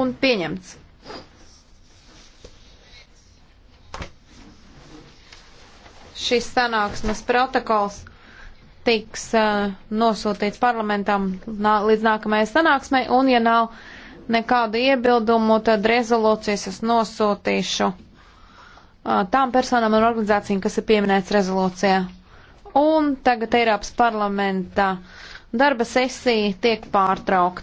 un pieņemts. Šis sanāksmes protokols tiks uh, nosūtīts parlamentam nā, līdz nākamajai sanāksmei, un ja nav nekādu iebildumu, tad rezolūcijas es nosūtīšu uh, tām personām un organizācijām, kas ir pieminēts rezolūcijā. Un tagad Eiropas parlamenta darba sesija tiek pārtraukta.